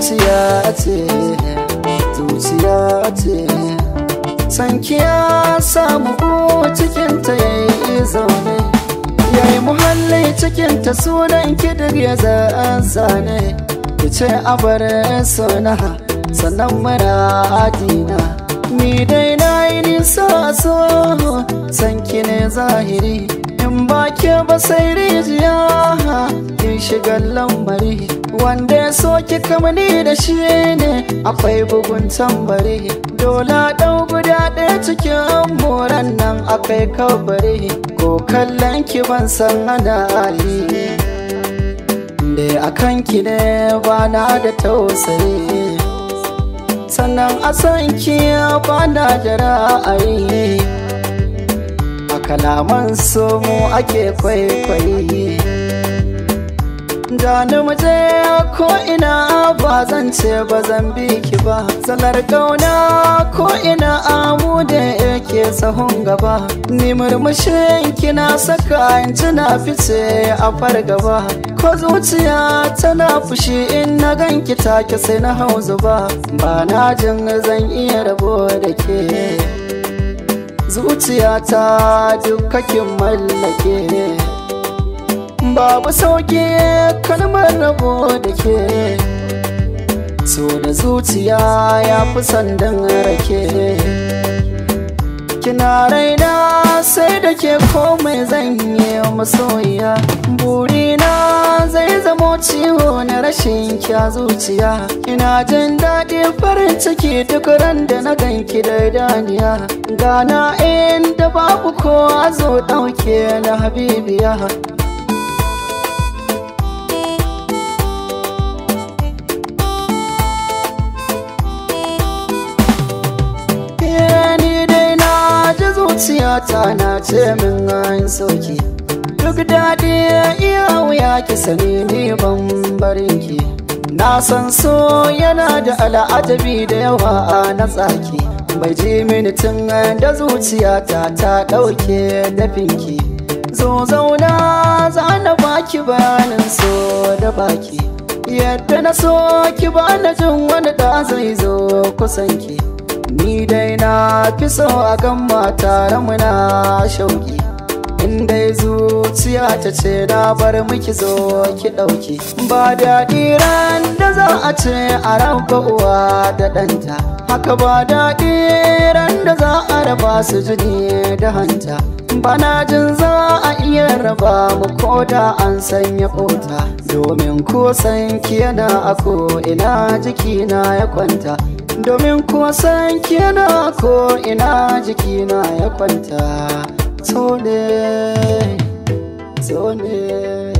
zuciya ce zuciya ce sankiya samu cikin ta zaune muhalli cikin ta sunan kidir ya zane ki ce bar suna sannan muradina ni dai na yi nisa so sanki ne zahiri in ba ke ba sai rijiya kin shiga lambari wanda ya kama kamani da shi ne akwai bugun tambari dola ɗau guda ɗaya cikin moran nan akwai kabari ko kallon ki ban san ana hali da akan ki ne ba na da tausayi sannan a san ki ba na da ra'ayi a kalaman su mu ake kwaikwayi Jani muje ko ina ba zan ce ba zan bi ki ba salar kauna ko ina amu da yake sahun gaba ni murmushin na saka in tuna fice a fargaba ko zuciya tana fushi in na ganki take sai na hau zuba ba na jin zan iya rabo da ke zuciyata duk mallake babu sauki kalmar rabo da ke so da zuciya ya fi sandan rake kina raina sai da ke komai zan yi masoyiya burina zai zamo ciwo na rashin kya zuciya ina jin daɗi farin ciki duk ran da na ganki da daniya gana inda babu kowa zo ɗauke na habibiya ta na ce min an sauki duk daɗi iya wuya ki sani ni ban barin ki na san so yana da al'ajabi da yawa a na tsaki Mai ji mini da zuciyata ta ɗauke dafinki zo zauna za na baki bayanin so da baki yadda na so ki ba na jin wani da zai zo kusanki ni dai na fi so a gamma mata muna shauki in dai zuciya ta ce na bar miki zo ki ɗauki ba daɗi ran da za a ce a raba uwa da ɗanta haka ba daɗi ran da za a raba su jini da hanta bana jin za a iya raba mu koda da an sanya kota domin ko san kiyana a ko ina jikina ya kwanta domin kuwa san kina ko ina jikina ya kwanta tsone tsone